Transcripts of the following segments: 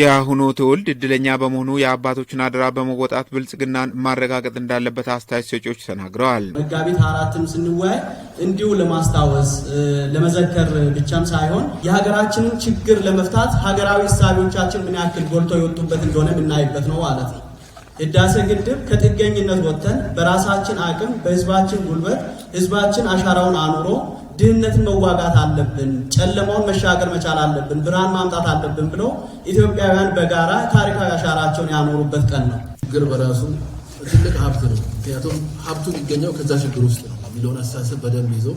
የአሁኑ ትውልድ እድለኛ በመሆኑ የአባቶችን አደራ በመወጣት ብልጽግናን ማረጋገጥ እንዳለበት አስተያየት ሰጪዎች ተናግረዋል። መጋቢት አራትም ስንወያይ እንዲሁ ለማስታወስ ለመዘከር ብቻም ሳይሆን የሀገራችንን ችግር ለመፍታት ሀገራዊ እሳቢዎቻችን ምን ያክል ጎልቶ የወጡበት እንደሆነ የምናይበት ነው ማለት ነው። ህዳሴ ግድብ ከጥገኝነት ወጥተን በራሳችን አቅም በህዝባችን ጉልበት ህዝባችን አሻራውን አኑሮ ድህነትን መዋጋት አለብን፣ ጨለማውን መሻገር መቻል አለብን፣ ብርሃን ማምጣት አለብን ብሎ ኢትዮጵያውያን በጋራ ታሪካዊ አሻራቸውን ያኖሩበት ቀን ነው። ችግር በራሱ ትልቅ ሀብት ነው። ምክንያቱም ሀብቱ የሚገኘው ከዛ ችግር ውስጥ ነው የሚለውን አስተሳሰብ በደንብ ይዞ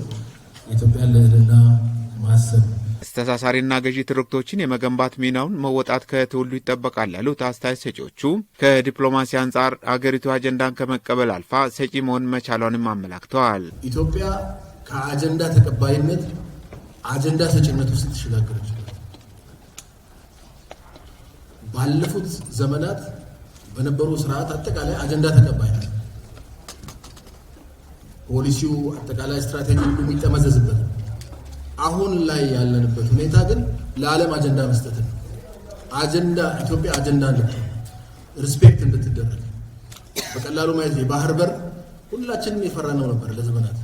የኢትዮጵያን ልዕልና ማሰብ አስተሳሳሪና ገዢ ትርክቶችን የመገንባት ሚናውን መወጣት ከትውሉ ይጠበቃል ያሉት አስተያየት ሰጪዎቹ ከዲፕሎማሲ አንጻር አገሪቱ አጀንዳን ከመቀበል አልፋ ሰጪ መሆን መቻሏንም አመላክተዋል። ኢትዮጵያ ከአጀንዳ ተቀባይነት አጀንዳ ሰጭነት ውስጥ ልትሸጋገር ይችላል። ባለፉት ዘመናት በነበሩ ስርዓት አጠቃላይ አጀንዳ ተቀባይነት ፖሊሲው አጠቃላይ ስትራቴጂ ሁሉ የሚጠመዘዝበት አሁን ላይ ያለንበት ሁኔታ ግን ለዓለም አጀንዳ መስጠት ነው። አጀንዳ ኢትዮጵያ አጀንዳ እንድትሆን ሪስፔክት እንድትደረግ በቀላሉ ማየት የባህር በር ሁላችንም የፈራነው ነበር ለዘመናት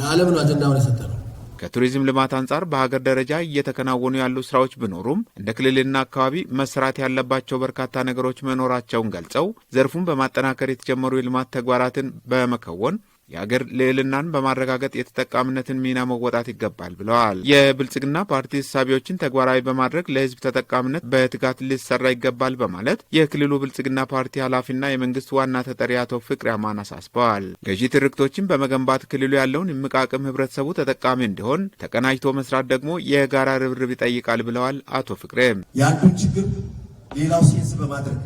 ለዓለም ነው አጀንዳውን ነው። ከቱሪዝም ልማት አንጻር በሀገር ደረጃ እየተከናወኑ ያሉ ስራዎች ቢኖሩም እንደ ክልልና አካባቢ መስራት ያለባቸው በርካታ ነገሮች መኖራቸውን ገልጸው ዘርፉን በማጠናከር የተጀመሩ የልማት ተግባራትን በመከወን የአገር ልዕልናን በማረጋገጥ የተጠቃሚነትን ሚና መወጣት ይገባል ብለዋል። የብልጽግና ፓርቲ እሳቤዎችን ተግባራዊ በማድረግ ለህዝብ ተጠቃሚነት በትጋት ሊሰራ ይገባል በማለት የክልሉ ብልጽግና ፓርቲ ኃላፊና የመንግስት ዋና ተጠሪ አቶ ፍቅሪ አማን አሳስበዋል። ገዢ ትርክቶችን በመገንባት ክልሉ ያለውን እምቅ አቅም ህብረተሰቡ ተጠቃሚ እንዲሆን ተቀናጅቶ መስራት ደግሞ የጋራ ርብርብ ይጠይቃል ብለዋል። አቶ ፍቅሬም የአንዱን ችግር ሌላው ሴንስ በማድረግ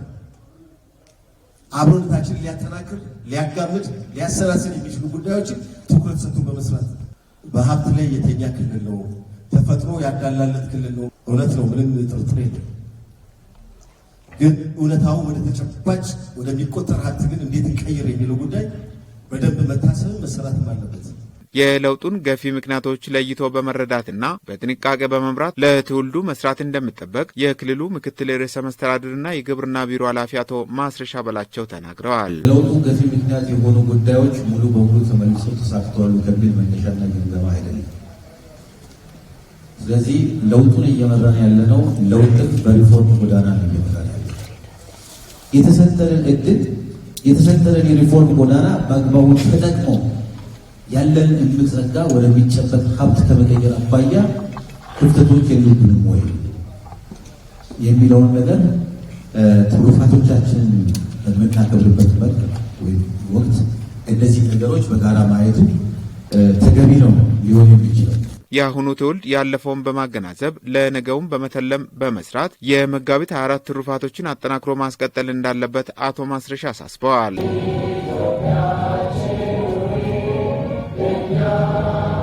አብሮነታችንን ሊያተናክር፣ ሊያጋምድ፣ ሊያሰላስል የሚችሉ ጉዳዮችን ትኩረት ሰጥቶ በመስራት በሀብት ላይ የተኛ ክልል ነው። ተፈጥሮ ያዳላለት ክልል ነው። እውነት ነው፣ ምንም ጥርጥር የለም። ግን እውነታው ወደ ተጨባጭ ወደሚቆጠር ሀብት ግን እንዴት ይቀይር የሚለው ጉዳይ በደንብ መታሰብ መሰራትም አለበት። የለውጡን ገፊ ምክንያቶች ለይቶ በመረዳትና በጥንቃቄ በመምራት ለትውልዱ መስራት እንደሚጠበቅ የክልሉ ምክትል ርዕሰ መስተዳድርና የግብርና ቢሮ ኃላፊ አቶ ማስረሻ በላቸው ተናግረዋል። ለውጡ ገፊ ምክንያት የሆኑ ጉዳዮች ሙሉ በሙሉ ተመልሰው ተሳክተዋል ከሚል መነሻና ግምገማ አይደለም። ስለዚህ ለውጡን እየመራን ያለነው ለውጥን በሪፎርም ጎዳና ነው እየመራን ያለ የተሰጠንን እድል የተሰጠንን የሪፎርም ጎዳና በአግባቡ ተጠቅሞ ያለን እምጸጋ ወደሚጨበጥ ሀብት ከመቀየር አኳያ ክፍተቶች የሉብንም ወይ የሚለውን ነገር ትሩፋቶቻችንን በምናከብርበት መልክ ወይም ወቅት እነዚህ ነገሮች በጋራ ማየቱ ተገቢ ነው ሊሆን የሚችለው። የአሁኑ ትውልድ ያለፈውን በማገናዘብ ለነገውን በመተለም በመስራት የመጋቢት 24 ትሩፋቶችን አጠናክሮ ማስቀጠል እንዳለበት አቶ ማስረሻ አሳስበዋል። Hallelujah